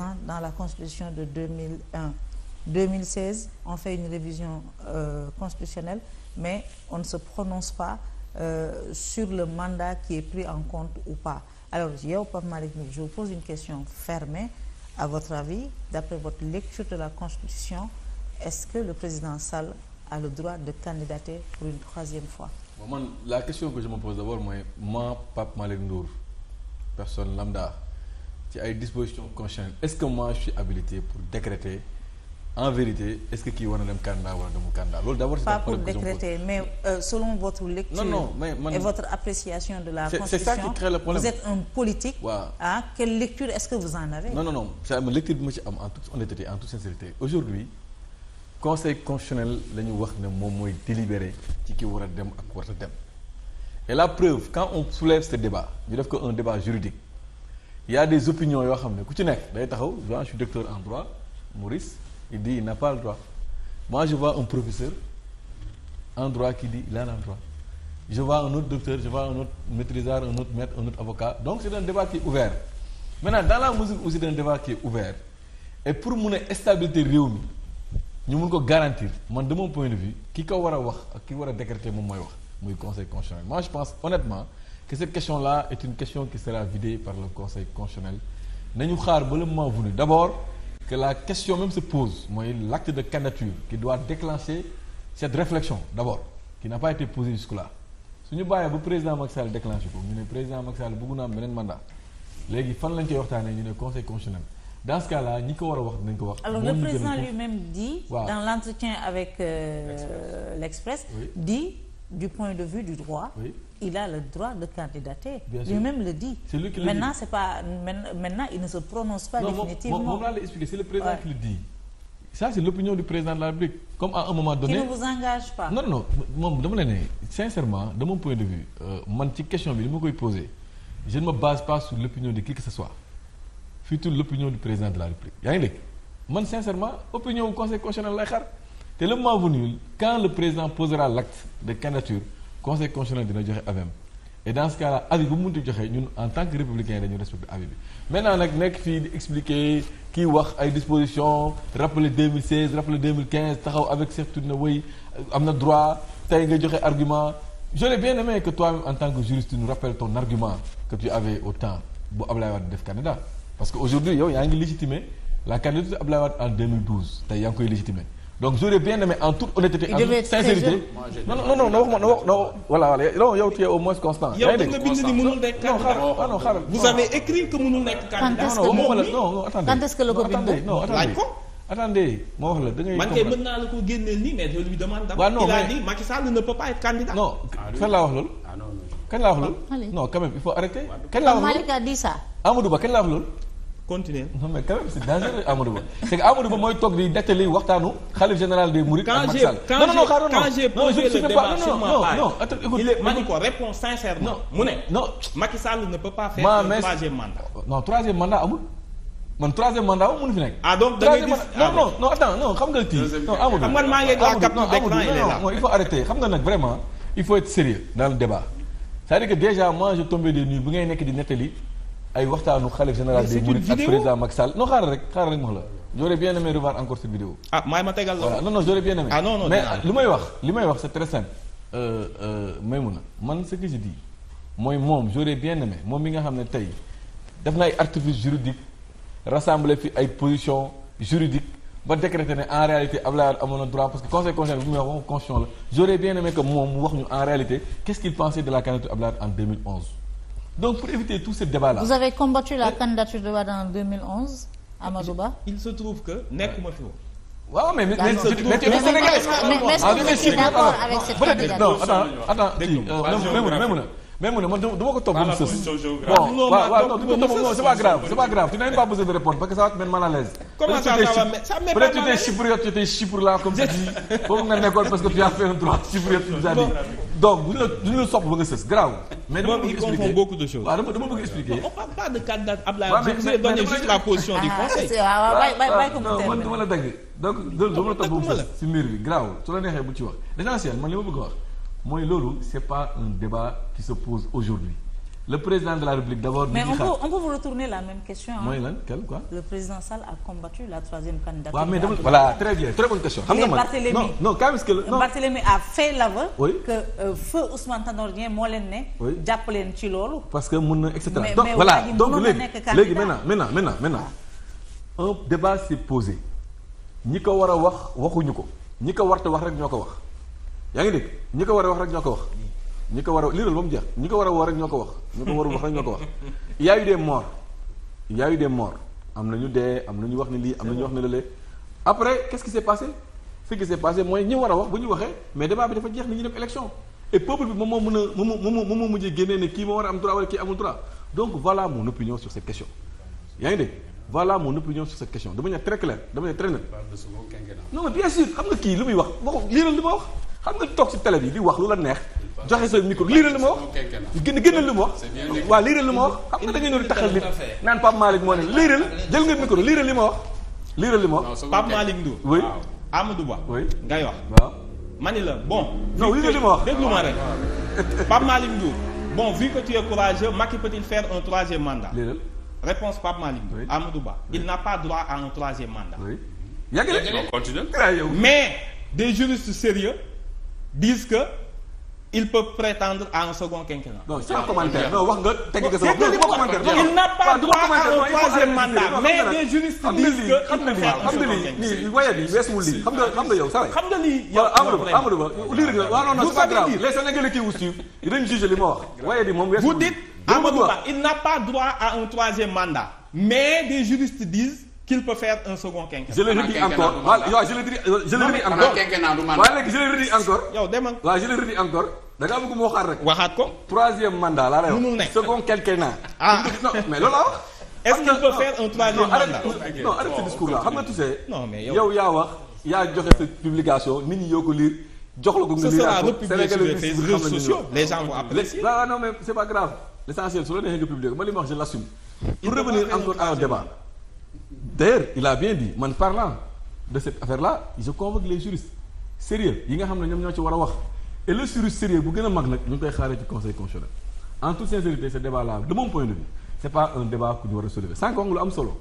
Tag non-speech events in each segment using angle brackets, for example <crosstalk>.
présent dans la constitution de 2001 2016 on fait une révision euh, constitutionnelle mais on ne se prononce pas euh, sur le mandat qui est pris en compte ou pas alors yow Pape Malick Ndour je pose une question fermée à votre avis d'après votre lecture de la constitution est-ce que le président Sall a le droit de candidater pour une troisième fois man Pape Malick Ndour personne lambda ci ay disposition constitutionnelles est-ce que moi je suis habilité pour décréter en vérité est-ce que kii war na dem candidat wala demul candidat loolu d'abord. pas pour décréter mais euh, selon votre lecture. Non, non, mais, man, de la. constitution problème vous êtes un politique. waaw ah, quelle lecture est-ce que vous en avez. non non non c'est lecture bi ma ci am en toute honnêteté en toute sincérité aujourd'hui conseil constitutionnel la ñu wax ne moom mooy délibéré ci ki war dem ak war dem et la preuve quand on ñu def ko un débat juridique y des opinions yoo xam ne ku ci nekk day taxaw je suis docteur en droit Maurice il dit il n'a droit moi je vois un professeur en droit qui dit il a le droit je vois un autre docteur je vois un autre maîtrisard un autre maître un autre avocat donc c'est un débat qui est ouvert maintenant dans la aussi d'un débat qui est ouvert et pour mun a stabilité réew mi ñu mun ko garantir man de mon point de vue ki ko war a wax ak ki war a décréter moom mooy wax muy conseil constitutionnel moi je pense honnêtement que cette question-là est une question qui sera vidée par le Conseil constitutionnel nañu xaar ba le moment venu d'abord que la question même se pose mooy l'acte de candidature qui doit déclencher cette réflexion d'abord qui n'a pas été posée jusque-là su ñu bàyyee ba président Macky Sall déclenché ko ñu ne président Macky Sall bëgg na am beneen mandat léegi fan lañ koy waxtaanee ñu ne conseil constitutionnel dans ce cas là ñi ko war a wax dinañ ko wax. alors le président lui-même dit. Wow. dans l'entretien avec euh, de vue du droit. il a le droit de candidater. lui-même le dit. C'est lui qui maintenant, le c'est pas maintenant il ne se prononce pas non, définitivement. moom laa lay expliquer, c'est le président qui le dit. Ça c'est l'opinion du président de la République. Comme à un moment donné. Qui ne vous engage pas. Non non, moom dama la ne sincèrement de point de vue euh, man ci question bi ni ma koy poser je ne me base pas sur l'opinion de qui que ce soit. Surtout l'opinion du président de la République. Yaa ngi dégg man sincèrement opinion wu conseil constitutionnel te le moment venu le président posera l'acte de candidature conseil constitutionnel dina joxe avis am et dans ce cas bu mu munti joxe ñun en tant que républicain dañu respecté avis bi maintenant nag nekk fii di expliquer kii wax ay dispositions rappeler 2016 rappeler 2015 taxaw avec certitude na wéy am na droit tey nga joxe argument j'aurais bien aimé que toi-même en tant que juriste nous rappelle ton argument que tu avais au temps bu Ablaye Wade def candidat parce que aujourd'hui yow yaa ngi légitimer la candidature Ablaye Wade en 2012 tey yaa ngi koy légitimer donc j'aurais bien aimé en toute honnêteté. en sincérité non non non non non non voilà voilà non yow tu es au moins constant. yaa constant yow da bind non xaaral nekk candidat. non non non attendez laa wax loolu. Ah, kañ laa wax loolu. Ah, non quand même il faut arrêter. kañ laa wax loolu. continuer ma mais quand même c'est dangereux Amadou Ba c'est que Amadou Ba mooy toog di nettali waxtaanu xalif général des Mourides. ak Macky Sall non non non ma ne non pas faire un mandat. amul. man troisième mandat wu mënu fi nekk. ah donc da ngay xam nga kii. non Amadou man maa ngi la cap d'écran il est il faut arrêter xam nga nag vraiment il faut être sérieux dans le débat cest à déjà moi je tombais des nues ngay nekk di nettali ay waxtaanu xalif général des mourides ak président Macky Sall non xaaral rek xaaral rek ma la j'aurais bien aimé revoir encore cette ah, ah, mais li may wax li may wax c'est très simple euh, euh, na man ce que je dis mooy moom j'aurais bien aimé moom mi nga xam ne tey def na ay artifice juridique rassembler fi ay position juridique ba décréter ne en réalité Abdoulaye amoon na droit parce que conseil constitutionnel bu muy wax waxu constitution la j'aurais bien aimé que moom mu wax ñu en réalité qu'est-ce donc pour éviter tout ce débat là. vous avez combattu la candidature de Wade en 2011 Amadou Ba. il se trouve que nekkuma fi woon. waaw mais mais mais mais mais d'accord avec cette candidature non mais mu ne man dama ko topp ba mu sës. bon waaw waaw non du ko topp non c'est pas grave c'est pas grave tu n'as même pas besoin de répondre parce que ça va te mettre mal à l'aise comment ça ça va mais ça met pas mal chypriote tu étais chypre là comme tu dis foofu nga nekkoon parce que tu as fait un droit chypriote tu nous as dit donc duñu la duñu la sopp ba nga sës garaaw mais dama bëgg expliquer confond beaucoup de choses waaw dama bëgg expliquer on parle pas de candidat Ablaye je vous ai donné juste la position du ah, conseil non man dama la dagg donc loolu dama la topp ba mu sës si mbir bi garaaw su la neexee bu ci wax l'essentiel man li ma bëgg a wax mooy loolu c'est pas un débat qui se pose aujourd'hui le président de la République d'abord. mais on peut on peut vous retourner la même question. mooy lan quel quoi. le président Sall a combattu la troisième candidature. waaw mais voilà très bien très bonne question. xam nga man non non quand est-ce que non Barthélémy a fait euh, feu Ousmane Tanor moo leen ne. oui jàpp leen ci loolu. parce que mun na et cetera donc voilà donc léegi léegi maintenant maintenant maintenant maintenant un débat s'est posé ñi ko war a wax waxuñu ko ñi ko warta wax rek ñoo ko wax yaa ngi ñi ko war a wax rek ñoo ko wax. ñi ko war a liiral ba mu jeex ñi ko war a woo ñoo ko wax ñi ko warul wax rek ñoo ko wax il y a eu des morts il y am na ñu dee am na ñu wax ne lii am na ñu wax ne lële après qu'est-ce qui s'est passé ce qui mooy ñi war a wax ba ñu waxee mais débat bi dafa jeex ni ñu dem élection et peuple bi moom moo mën a moom moo moom moo mujjee génnee ne kii moo war a am droit wala kii amul droit donc voilà mon opinion sur cette question yaa ngi dégg voilà mon opinion sur cette question de manière très claire de manière très nette. non mais bien sûr xam nga kii lu muy wax waxu lii ma wax xam nga toog ci télé bi wax lu la neex. joxe sa micro liiral li ma wax gën li ma wax waaw li ma wax xam nga da ngay ñëw di taxal nit naan Pape Malick moo ne liiral nga micro liiral li ma wax liiral li ma wax ngay wax waaw la bon non li ma wax déglu ma rek ah, Pape Malick Ndour bon vu que tu es courageux Macky peut-il faire un troisième mandat liiral réponse Pape Malick Ndour Amadou Ba il n'a pas droit à un troisième mandat yàgg na continue mais des juristes sérieux disent il peut prétendre à un second quinquennat. non sans commentaire non wax nga teg nga sama. il n'a pas droit à un troisième mandat mais des juristes disent que les Sénégalais qui vous suivent ma wax waaye vous dites Amadou il n'a pas droit à un troisième mandat mais des juristes disent qu'il peut faire un second quinquennat. je le redis encore waaw je le redis je le redis encore waaye léegi je le redis encore. yow demal waaw je le redis encore. da ngaa bëgg mu waxaat rek. waxaat ko troisième mandat laa lay wax. munul nekk second quinquennat. ah mais loolu la wax. est-ce qu'il peut faire un troisième mandat non arrête ce discours là xam nga tu sais. non mais yow yaa wax yaa joxe sa publication nit ñi yoo ko lire jox la ko nga lire ko Sénégalais yi xam nañu sociaux les gens vont apprécier. non non mais c'est pas grave l'essentiel su la neexee nga publier ko ma li ma wax je l'assume. pour revenir encore à un débat d'ailleurs il a bien man parlant de cette affaire là je convoque les juristes sérieux yi nga xam ne ñoom ñoo ci war a wax et le juriste sérieux bu gën a mag nag ñu ngi koy xaaree ci conseil constitutionnel en toute sincérité ce débat là de mon point de vue c' pas un débat ku ñu war a soulever sànq wax lu am solo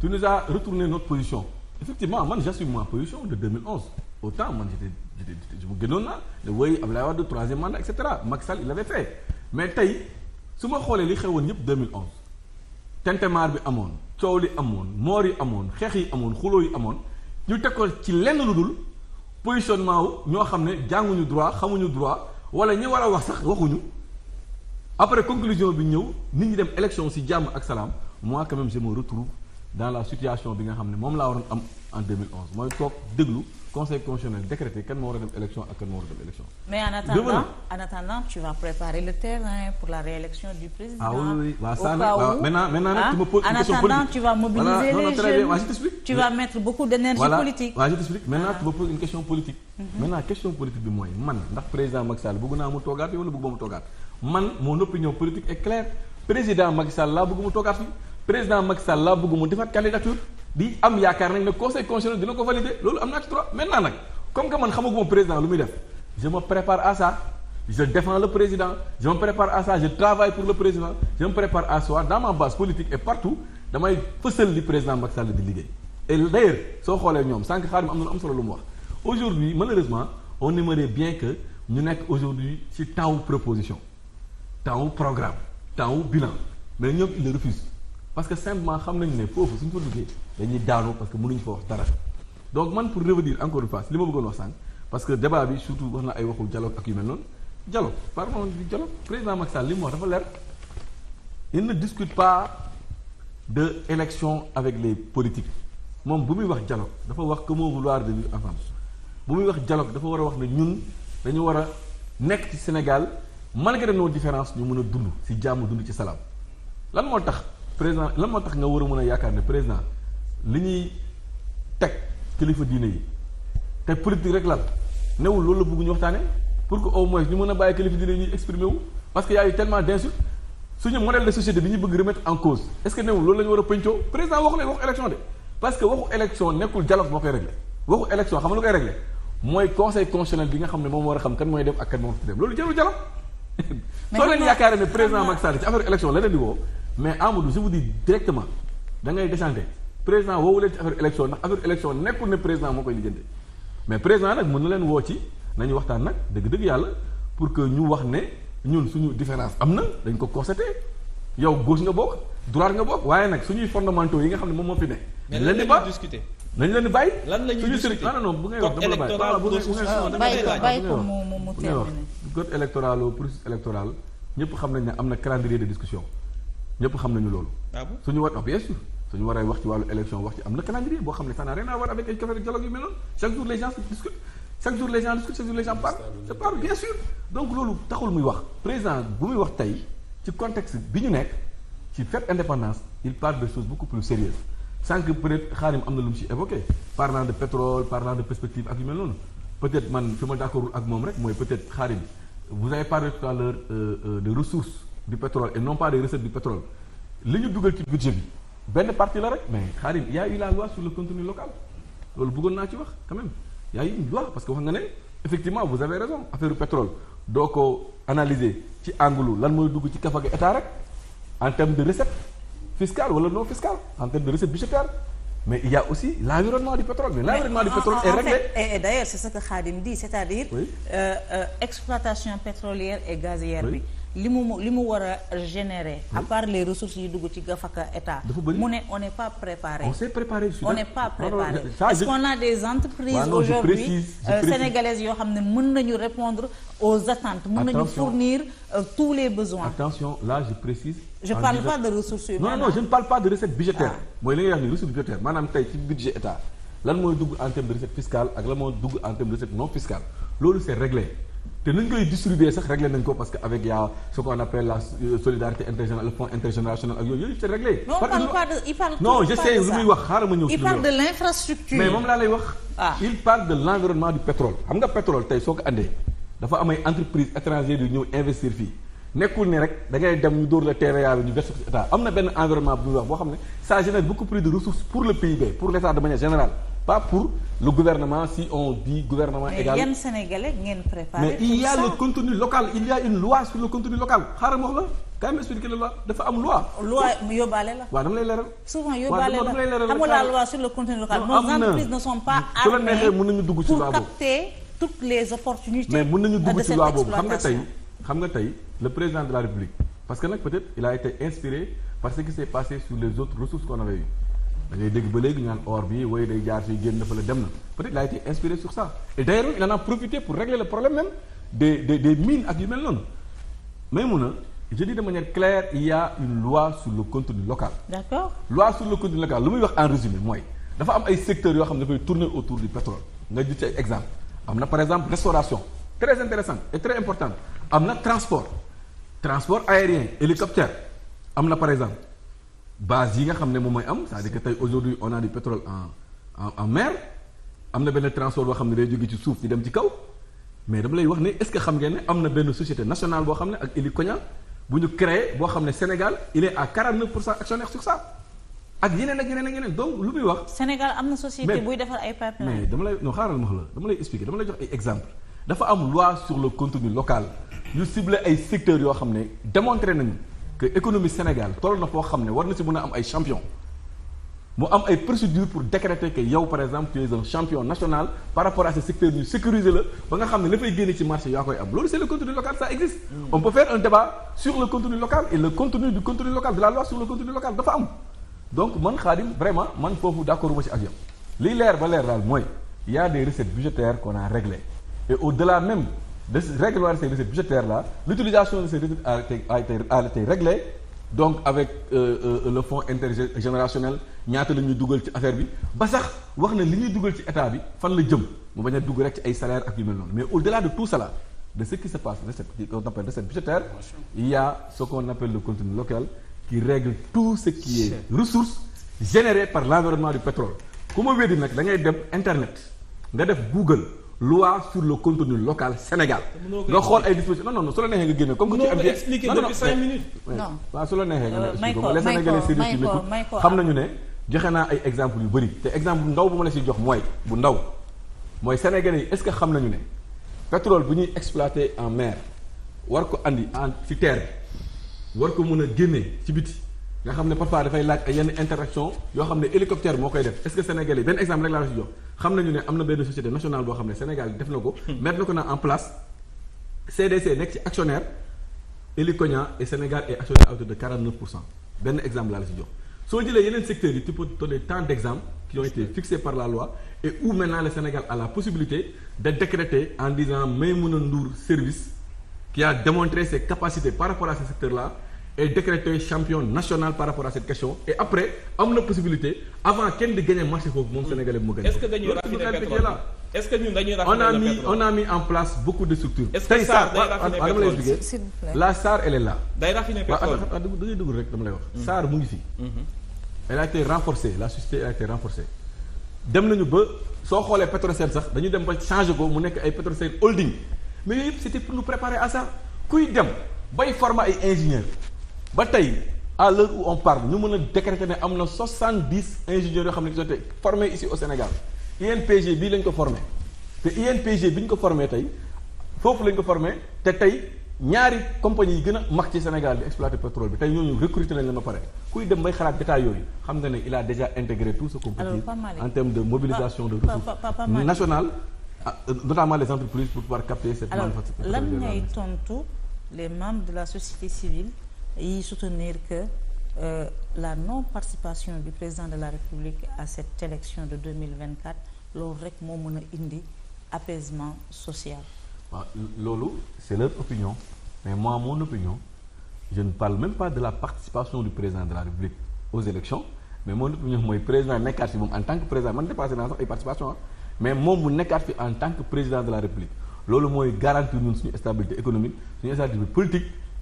tu nous as retourné notre position effectivement man j'assume ma position de 2011 autant man j'étais je mu gënoon naa ne woy Abdoulaye Wade troisième mandat et cetera mais tey su ma xoolee li xewoon yëpp 2011 tintamarre bi amoon coow li amoon moor yi amoon xeex yi amoon xuloo yi amoon ñu teg ko ci lenn lu dul positionnement wu ñoo xam ne jànguñu droit xamuñu droit wala ñi war a wax sax waxuñu après conclusion bi ñëw nit ñi dem élection si jàmm ak salaam moi quand même je me retrouve dans la situation bi nga xam ne moom laa waroon am en 2011 mooy toog déglu conseil constitutionnel décrété kan moo war a dem élection ak kan moo war a dem élection. mais en attendant en le terrain pour la réélection du président. ah oui oui ça nag waaw maintenant maintenant nag tu me poses une question politique en attendant tu vas bi mooy man ndax président Macky Sall bëgg naa mu toogaat wala bëgg ba mu toogaat man mon opinion politique est claire président Macky Sall laa bëgg mu toogaat fi président Macky Sall laa bëgg mu defaat candidature. di am yaakaar nañ ne conseil constitutionnel dina ko valider loolu am na ci droit maintenant nag comme que man xamaguma président lu muy def je me prépare à ça je défends le président je me prépare à ça travaille pour le président je me prépare à ça dans ma base politique et partout damay fësal li président Macky Sall di liggéey et d'ailleurs soo xoolee ñoom sànq xaar mi am na lu am solo lu mu wax aujourd'hui malheureusement on aimerait bien que ñu nekk aujourd'hui ci temps proposition temps programme mais ñoom il le parce que simplement xam nañu ne foofu suñu fa duggee dañuy daanu parce que mënuñu fa wax dara donc man pour revenir encore une fois li ma bëggoon wax sànq parce que débat bi surtout wax na ay waxu dialogue ak yu mel noonu dialogue pardon di dialogue président Macky Sall li mu wax dafa leer il pas de élection avec les moom bu muy wax dialogue dafa wax comment vouloir de vivre ensemble bu muy wax dialogue dafa war a wax ne ñun dañu war a nekk ci Sénégal malgré nos différence ñu mën a dund ci jàmm dund ci salaam lan moo tax. président lan moo tax nga war a mën a yaakaar ne président li ñuy teg kilifa diine yi te politique rek lan newul loolu la bëgg ñu waxtaane pour que au moins ñu mën a bàyyi kilifa diine yi ñuy exprimer wu parce que y a eu tellement d'insultes suñu modèle de société bi ñu bëgg remettre en cause est-ce que newul loolu la war a pëncoo président waxu lay waxu élection de parce que waxu élection nekkul dialogue moo koy réglé waxu élection xam bi nga xam ne moom war a xam kan mooy dem ak kan moom dem loolu <laughs> président Macky Sall ci affaire élection leneen mais Amadou je vous dis directement da ngay déchanté président woowu leen ci affaire élection ndax affaire élection nekkul ne président moo koy lijjanti mais président nag mën na leen woo ci nañu waxtaan nag dëgg-dëgg yàlla pour que ñu wax ne ñun suñu différence am na dañ ko constaté yow gauche nga bokk droite nga bokk waaye nag suñuy fondamentaux yi nga xam ne moom moo fi ne. mais lan la ñuy discuter nañ leen di bàyyi. lan la ñuy discuter bu ngay wax dama la bàyyi. ñëpp xam nañ ne am na calendrier de discussion ñëpp xam nañu loolu. Ah suñu war ah bien sûr suñu waree wax ci wàllu élection wax ci am na calendrier boo xam ne ça n'a rien à voir avec ay café dialogue yu mel noonu chaque jour les gens discutent chaque jour les gens discutent chaque jour les gens parlent se parlent bien sûr donc loolu taxul muy wax président bu muy wax tey ci contexte bi ñu nekk ci fête indépendance il parle de choses beaucoup plus sérieuses sànq peut-être xaarim am na lu mu ci évoqué parlant de pétrole parlant de perspective ak yu mel noonu peut-être man fi ma d'accordul ak moom rek mooy peut-être xaarim vous avez parlé tout à l'heure euh, euh, de ressources du pétrole et non pas des recettes du pétrole li ñu dugal ci budget bi benn partie la rek mais Karim y a eu la loi sur le contenu local loolu bëggoon naa ci wax quand même y a eu parce que wax nga ne effectivement vous avez raison affaire pétrole doo ko analyser ci angulu lan mooy dugg ci kafa gi état rek en termes de recette fiscale wala non fiscale en termes de recette budgétaire mais il y a aussi l'environnement du pétrole mais l'environnement du pétrole est réglé et d'ailleurs c'est euh, euh, exploitation pétrolière et gazière bi li mu li mu war a générer. à part les ressources yu dugg ci gafaka état. mu ne on n' est pas préparé. on s' est préparé on n' est pas préparé. est ce on a des entreprises. aujourd'hui euh, sénégalaises yoo xam ne mën nañu répondre aux attentes. mën nañu fournir euh, tous les besoins. attention là je précise. je ne ah, parle pas de ressources humaines. non non je ne parle pas de recette budgétaire. Ah. mooy li nga wax ni recette budgétaire maanaam tey ci budget état lan mooy dugg en terme de en terme de recette non fiscale te nañ koy distribuer sax réglé nañ ko parce que avec y a ce qu'on appelle la euh, solidarité intergénérationnelle le fonds intergénérationnel ak yooyu yooyu c'est réglé. wax xaaral ma ñëw moom laa lay wax. Ah. il parle de l'environnement du pétrole. xam nga pétrole tey soo ko andee dafa am ay entreprises étrangères yu ñëw investir fii nekkul ne rek da ngay dem ñu dóor la TVA am na benn environnement bu ñuy wax boo xam ne ça génère beaucoup plus de ressources pour le PIB pour l'État de manière générale. pas pour le gouvernement si on dit gouvernement égal. mais yéen ngeen préparé. mais il y a le contenu local il y a une loi sur le contenu local xaaral ma wax la kaay ma expliqué la loi dafa am loi. loi yóbbaale la. waaw dama lay leeral. souvent yóbbaale la amul la loi sur le contenu local. am na nos entreprises ne sont pas armées pour capter toutes les ci loi boobu xam nga tey xam nga tey le président de la république parce que nag peut-être il a été inspiré da ngay dégg ba léegi ñu naan or bi way day jaar fii génn fa la dem na peut-être il a été inspiré sur ça et d'ailleurs il en a profité pour régler le problème même des des des mines ak yu mel noonu mais mun a je dis de manière claire il a une loi sur le contenu local. d'accord loi sur le contenu local lu muy wax en résumé mooy dafa am ay secteurs yoo xam ne dafay tourner autour du pétrole nga jël ci ay exemple am na par exemple restauration très intéressante et très am na transport transport aérien hélicoptère am na par exemple. base yi nga xam ne moom mooy am c'est-à-dire que tey aujourd'hui on a du pétrole en en en am na benn transport boo xam ne day jóge ci suuf yi dem ci kaw mais dama lay wax ne est-ce que xam ngeen ne am na benn société nationale boo xam ne ak Ely Kognal bu ñu créé boo xam ne Sénégal il est à na pour cent actionnaire sur ça ak yeneen ak yeneen ak yeneen donc lu muy wax. Sénégal am na société buy defar ay pipeline. mais dama lay xaaral ma wax la dama lay expliquer dama jox ay exemple dafa am loi sur le contenu local yu ciblé ay secteurs yoo xam ne démontré nañu. que économie Sénégal toll na foo xam ne war na si mën a am ay champion mu am ay procédure pour décréter que yow par exemple tu es un champion national par rapport à ce secteur ñu sécuriser la ba nga xam ne la fay génne ci marché yaa koy am loolu c'est le contenu local ça existe mm. on peut faire un débat sur le contenu local et le contenu du contenu local de la loi sur le contenu local dafa am donc man Khadim vraiment man foofu d'accord ma ak yow liy leer ba leer daal mooy y a des recettes budgétaires qu'on a réglées et de régler ces recettes budgétaires là l'utilisation de ces recettes a été a été a été réglée donc avec euh, euh, le fonds intergénérationnel ñaata la ñuy dugal ci affaire bi ba sax wax na li ñuy dugal ci état bi fan la jëm mu bañ a dugg rek ci ay salaire ak yu mel noonu mais au de tout de ce qui se passe recette qu'on appelle recette budgétaire il y a ce qu'on appelle local qui règle tout ce qui est ressources générées par l'environnement du pétrole ku ma weddi nag da ngay dem internet nga def Google loi sur le contenu local Sénégal. nga xool ay dispositions non non su la neexee nga génne comme que ci am. expliqué depuis cinq minutes. non waaw su la neexee nga ne euh, expliqué ko les Sénégalais sérieux qui xam nañu ah. ne joxe naa ay exemple yu bëri te exemple bu ndaw bu ma la si jox mooy bu ndaw mooy Sénégalais yi est ce que xam nañu ne pétrole bu ñuy exploité en mer war ko andi en ci terre bi war ko mën a génne ci biti. nga xam ne parfois dafay laaj ay yenn interaction yoo xam ne hélicoptère moo koy def est-ce que Sénégal yi benn exemple rek laa si jox xam nañu ne am na benn société nationale boo xam ne Sénégal def na ko hmm. mettre na ko na en place CDC nekk ci actionnaire Eliconia et Sénégal est actionnaire à hauteur de 49 pour cent benn exemple laa la si jox soo jëlee yeneen secteurs yi tu peux donner tant d'exemples qui ont été fixés par la loi et où maintenant le Sénégal la possibilité de décréter en disant Maïmouna Ndour service qui a démontré ses capacités par rapport à ce secteur-là est décrété champion national par rapport à cette question et après am na possibilité avant kenn di gagné marché foofu moom sénégalais bi mu gagné. est-ce que dañuy raffiner pétrole a mis on a mis en place beaucoup de structures. est-ce que day raffiner ah, ah, pétrole bi tey la ah, mm-hmm. mu ngi fii mm-hmm. elle a la société elle a dem nañu ba soo xoolee Petrosen sax dañu dem ba changer ko mu nekk ay Petrosen holding mais yooyu yëpp c'était pour nous préparer à kuy dem bay former ay ingénieurs. ba tey à l'heure où on parle ñu mën a décréter ne am na soixante dix ingénieurs yoo xam ne ils ont été formés ici au Sénégal INPG bii lañ ko formé te INPG bi ñu ko forme tey foofu lañ ko formé te tey ñaari compagnie yi gën a mag ci Sénégal di exploiter pétrole bi tey ñooñu recruter lañ la ma pare kuy dem bay xalaat détail yooyu xam nga ne il a déjà intégré tout ce qu'on peut dire en termes de mobilisation de ressources nationales ah, notamment les les membres yi soutenir que euh, la non-participation du président de la République à cette élection de 2024 loolu rek moo mën a indi apaisement social. waaw loolu c'est leur opinion mais moi mon opinion je ne parle même pas de la participation du président de la République aux élections mais mon opinion mooy président nekkaat fi moom en tant que président man dépassé naa sax ay participation mais moom mu nekkaat fi en tant que président de la République loolu mooy garantir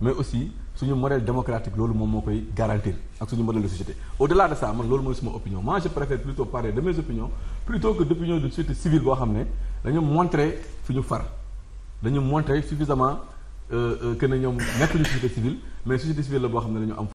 mais aussi suñu modèle démocratique loolu moom moo koy garantir ak suñu modèle de société au delà de ça man loolu mooy suma opinion moi je préfère plutôt parler de mes opinions plutôt que d'opinion de société civile boo xam ne dañu montrer fi ñu far dañu montrer suffisamment euh, euh, que ne ñoom nekkuñu société civile mais société civile la boo xam ne dañu am